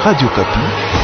Radio Kapi.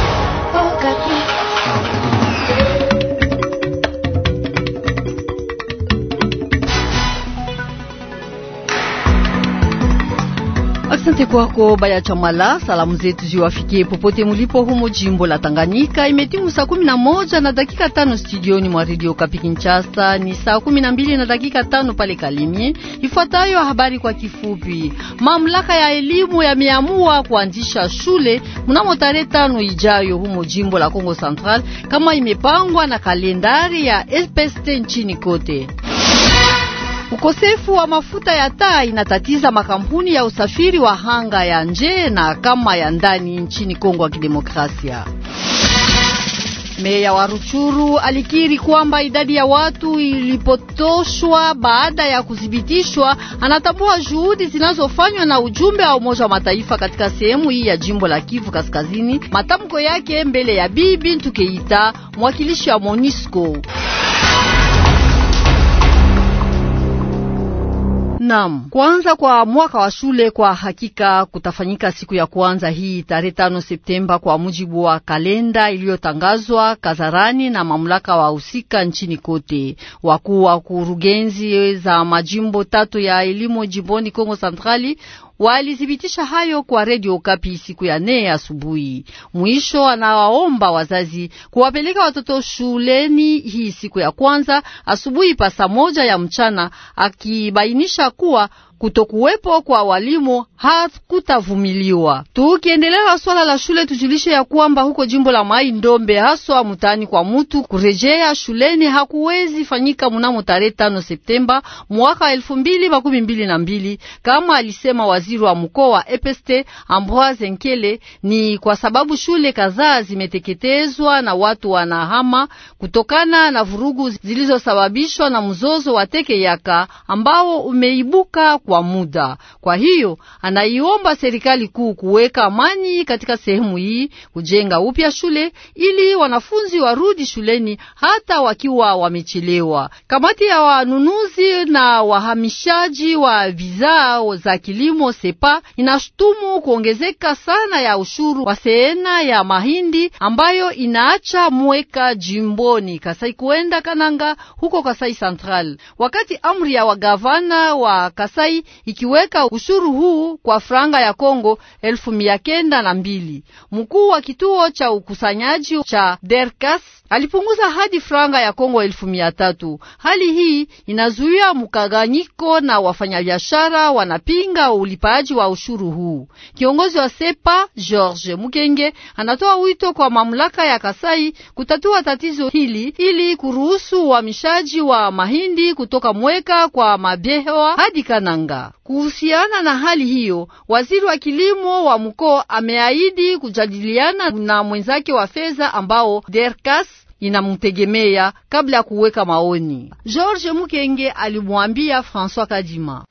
Asante kwako Baya Chamala. Salamu zetu ziwafikie popote mulipo humo jimbo la Tanganyika. Imetimu saa kumi na moja na dakika tano studioni mwa radio Kapi Kinshasa, ni saa kumi na mbili na dakika tano pale Kalimi. Ifuatayo habari kwa kifupi. Mamlaka ya elimu yameamua kuanzisha shule mnamo tarehe tano ijayo humo jimbo la Kongo Central kama imepangwa na kalendari ya SPST nchini kote. Ukosefu wa mafuta ya taa inatatiza makampuni ya usafiri wa hanga ya nje na kama ya ndani nchini Kongo ya Kidemokrasia. Meya wa Ruchuru alikiri kwamba idadi ya watu ilipotoshwa baada ya kuthibitishwa. Anatambua juhudi zinazofanywa na ujumbe wa Umoja wa Mataifa katika sehemu hii ya jimbo la Kivu Kaskazini. Matamko yake mbele ya Bibi Ntukeita, mwakilishi wa MONUSCO. Nam, kuanza kwa mwaka wa shule kwa hakika kutafanyika siku ya kuanza hii tarehe tano Septemba kwa mujibu wa kalenda iliyotangazwa kazarani na mamlaka wa husika nchini kote. Wakuu wa kurugenzi za majimbo tatu ya elimu jimboni Kongo Centrali Walithibitisha hayo kwa redio Kapi siku ya nne asubuhi. Mwisho anawaomba wazazi kuwapeleka watoto shuleni hii siku ya kwanza asubuhi pa saa moja ya mchana, akibainisha kuwa kutokuwepo kwa walimu hakutavumiliwa. Tukiendelea na swala la shule, tujulishe ya kwamba huko jimbo la Mai Ndombe, haswa mutani kwa mutu, kurejea shuleni hakuwezi fanyika mnamo tarehe 5 Septemba mwaka mbili kama alisema waziri wa mkoa wa EPST Ambroise Nkele, ni kwa sababu shule kadhaa zimeteketezwa na watu wanahama kutokana na vurugu zilizosababishwa na mzozo wa Tekeyaka ambao umeibuka kwa muda. Kwa hiyo anaiomba serikali kuu kuweka amani katika sehemu hii, kujenga upya shule ili wanafunzi warudi shuleni hata wakiwa wamechelewa. Kamati ya wanunuzi na wahamishaji wa bidhaa za kilimo Sepa inashutumu kuongezeka sana ya ushuru wa seena ya mahindi ambayo inaacha mweka jimboni Kasai kuenda Kananga huko Kasai Central, wakati amri ya wagavana wa Kasai serikali ikiweka ushuru huu kwa franga ya Kongo elfu mia kenda na mbili. Mkuu wa kituo cha ukusanyaji cha Derkas alipunguza hadi franga ya Kongo elfu mia tatu. Hali hii inazuia mkaganyiko na wafanyabiashara wanapinga ulipaji wa ushuru huu. Kiongozi wa Sepa George Mukenge anatoa wito kwa mamlaka ya Kasai kutatua tatizo hili ili kuruhusu uhamishaji wa mahindi kutoka Mweka kwa Mabehewa hadi Kananga wahanga. Kuhusiana na hali hiyo, waziri wa kilimo wa mkoa ameahidi kujadiliana na mwenzake wa fedha ambao Derkas inamtegemea kabla ya kuweka maoni. George Mukenge alimwambia François Kadima,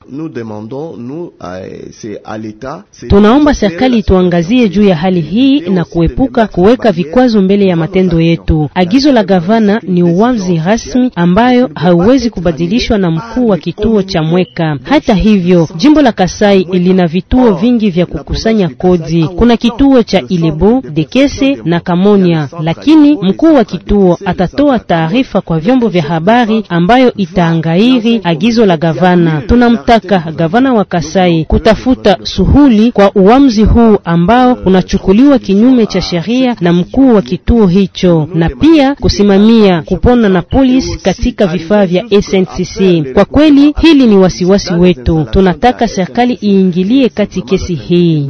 tunaomba serikali ituangazie juu ya hali hii na kuepuka kuweka vikwazo mbele ya matendo yetu. Agizo la gavana ni uwazi rasmi ambayo hauwezi kubadilishwa na mkuu wa kituo cha Mweka. Hata hivyo, jimbo la Kasai lina vituo oh, vingi vya kukusanya kodi. Kuna kituo cha Ilebo, Dekese na Kamonia, lakini mkuu wa kituo huo atatoa taarifa kwa vyombo vya habari ambayo itaangairi agizo la gavana. Tunamtaka gavana wa Kasai kutafuta suhuli kwa uamuzi huu ambao unachukuliwa kinyume cha sheria na mkuu wa kituo hicho, na pia kusimamia kupona na polisi katika vifaa vya SNCC. Kwa kweli hili ni wasiwasi wetu, tunataka serikali iingilie kati kesi hii.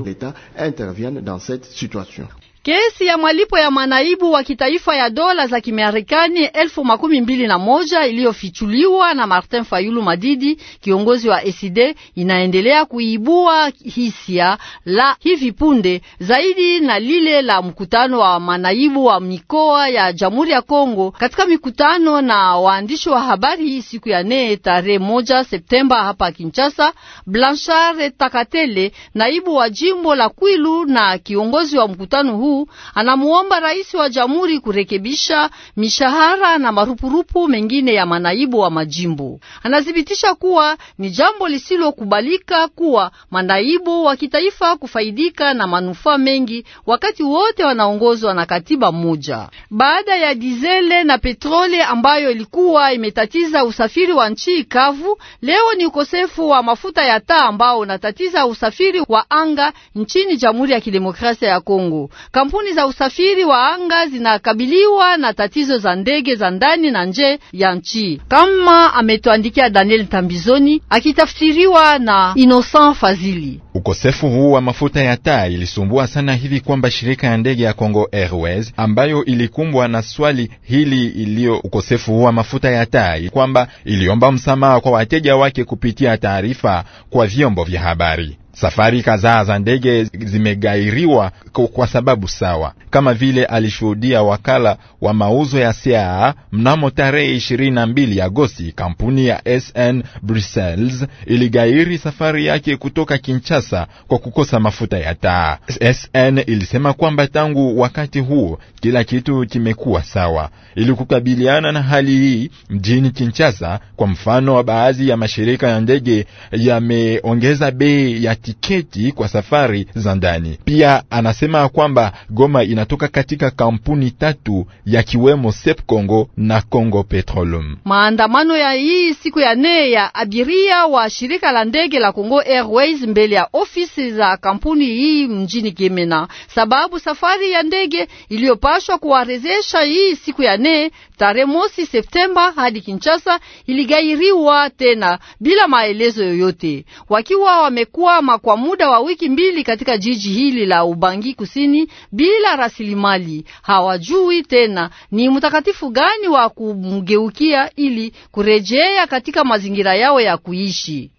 Kesi ya mwalipo ya manaibu wa kitaifa ya dola za Kimarekani elfu makumi mbili na moja iliyofichuliwa na Martin Fayulu Madidi, kiongozi wa esid inaendelea kuibua hisia la hivi punde zaidi na lile la mkutano wa manaibu wa mikoa ya Jamhuri ya Kongo. Katika mikutano na waandishi wa habari hii siku ya nne tarehe moja Septemba hapa Kinshasa, Blanchard Takatele, naibu wa jimbo la Kwilu na kiongozi wa mkutano huu anamwomba anamuomba rais wa jamhuri kurekebisha mishahara na marupurupu mengine ya manaibu wa majimbo. Anathibitisha kuwa ni jambo lisilokubalika kuwa manaibu wa kitaifa kufaidika na manufaa mengi wakati wote wanaongozwa na katiba moja. Baada ya dizele na petrole ambayo ilikuwa imetatiza usafiri wa nchi kavu, leo ni ukosefu wa mafuta ya taa ambao unatatiza usafiri wa anga nchini Jamhuri ya Kidemokrasia ya Kongo. Kampuni za usafiri wa anga zinakabiliwa na tatizo za ndege za ndani na nje ya nchi, kama ametuandikia Daniel Tambizoni akitafsiriwa na Innocent Fazili. Ukosefu huu wa mafuta ya taa ilisumbua sana hivi kwamba shirika ya ndege ya Congo Airways ambayo ilikumbwa na swali hili iliyo ukosefu huu wa mafuta ya taa kwamba iliomba msamaha kwa wateja wake kupitia taarifa kwa vyombo vya habari. Safari kadhaa za ndege zimegairiwa kwa sababu sawa, kama vile alishuhudia wakala wa mauzo ya siaa. Mnamo tarehe 22 Agosti, kampuni ya SN Brussels iligairi safari yake kutoka Kinshasa kwa kukosa mafuta ya taa. SN ilisema kwamba tangu wakati huo kila kitu kimekuwa sawa. Ili kukabiliana na hali hii mjini Kinshasa, kwa mfano, baadhi ya mashirika ya ndege yameongeza bei ya tiketi kwa safari za ndani. Pia anasema kwamba Goma inatoka katika kampuni tatu ya kiwemo Sep Congo na Congo Petroleum. Maandamano ya hii siku ya nne ya abiria wa shirika la ndege la Congo Airways mbele ya ofisi za kampuni hii mjini Gemena, sababu safari ya ndege iliyopashwa kuwarezesha hii siku ya nne tarehe mosi Septemba hadi Kinshasa iligairiwa tena bila maelezo yoyote, wakiwa wamekuwa kwa muda wa wiki mbili katika jiji hili la Ubangi kusini bila rasilimali. Hawajui tena ni mtakatifu gani wa kumgeukia ili kurejea katika mazingira yao ya kuishi.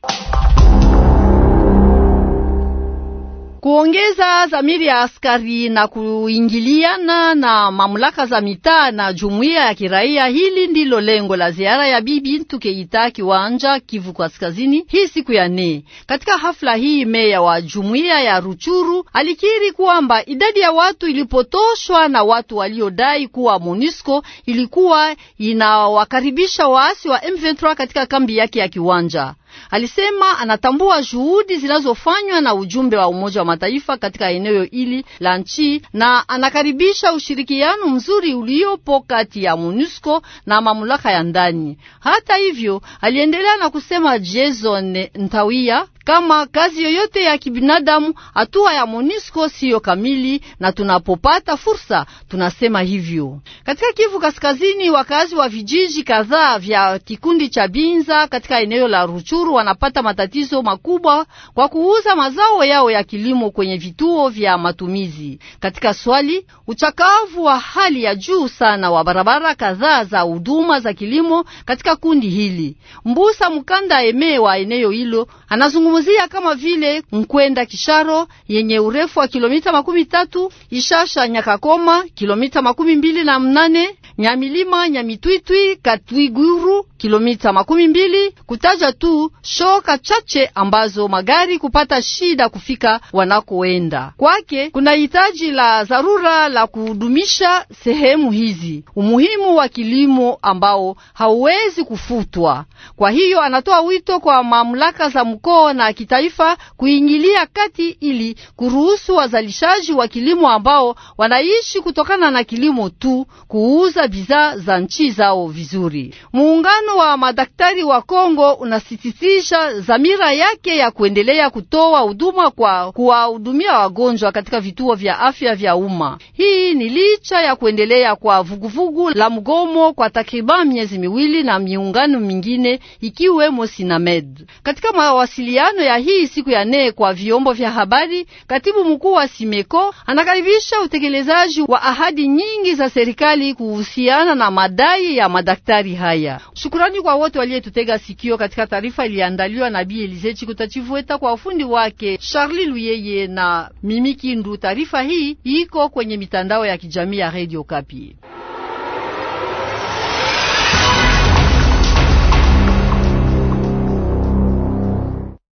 kuongeza zamiri ya askari na kuingiliana na mamlaka za mitaa na jumuiya ya kiraia. Hili ndilo lengo la ziara ya Bibi Bintu Keita Kiwanja, Kivu Kaskazini, hii siku ya nne. Katika hafla hii, meya wa jumuiya ya Ruchuru alikiri kwamba idadi ya watu ilipotoshwa na watu waliodai kuwa MONUSCO ilikuwa inawakaribisha waasi wa M23 katika kambi yake ya Kiwanja. Alisema anatambua juhudi zinazofanywa na ujumbe wa Umoja wa Mataifa katika eneo hili la nchi na anakaribisha ushirikiano mzuri uliopo kati ya MONUSCO na mamlaka ya ndani. Hata hivyo, aliendelea na kusema Jason Ntawia kama kazi yoyote ya kibinadamu, hatua ya MONUSCO siyo kamili, na tunapopata fursa tunasema hivyo. Katika Kivu Kaskazini, wakazi wa vijiji kadhaa vya kikundi cha Binza katika eneo la Ruchuru Ruchuru wanapata matatizo makubwa kwa kuuza mazao yao ya kilimo kwenye vituo vya matumizi. Katika swali uchakavu wa hali ya juu sana wa barabara kadhaa za huduma za kilimo katika kundi hili, Mbusa Mkanda Eme wa eneo hilo anazungumzia kama vile Mkwenda Kisharo yenye urefu wa kilomita makumi tatu, Ishasha Nyakakoma kilomita makumi mbili na mnane, Nyamilima Nyamitwitwi Katwiguru kilomita makumi mbili, kutaja tu shoka chache ambazo magari kupata shida kufika wanakoenda kwake. Kuna hitaji la dharura la kudumisha sehemu hizi, umuhimu wa kilimo ambao hauwezi kufutwa. Kwa hiyo anatoa wito kwa mamlaka za mkoa na kitaifa kuingilia kati ili kuruhusu wazalishaji wa kilimo ambao wanaishi kutokana na kilimo tu kuuza bidhaa za nchi zao vizuri. Muungano Muungano wa madaktari wa Kongo unasisitiza dhamira yake ya kuendelea kutoa huduma kwa kuwahudumia wagonjwa katika vituo vya afya vya umma. Hii ni licha ya kuendelea kwa vuguvugu la mgomo kwa takriban miezi miwili na miungano mingine ikiwemo Sinamed. Katika mawasiliano ya hii siku ya nne kwa vyombo vya habari, katibu mkuu wa Simeko anakaribisha utekelezaji wa ahadi nyingi za serikali kuhusiana na madai ya madaktari haya. Shukuru Shukurani kwa wote waliyetutega sikio katika taarifa iliandaliwa na Bi Elize Chikutachivueta kwa ufundi wake Charlie Luyeye na Mimi Kindu. Taarifa hii iko kwenye mitandao ya kijamii ya Radio Kapi.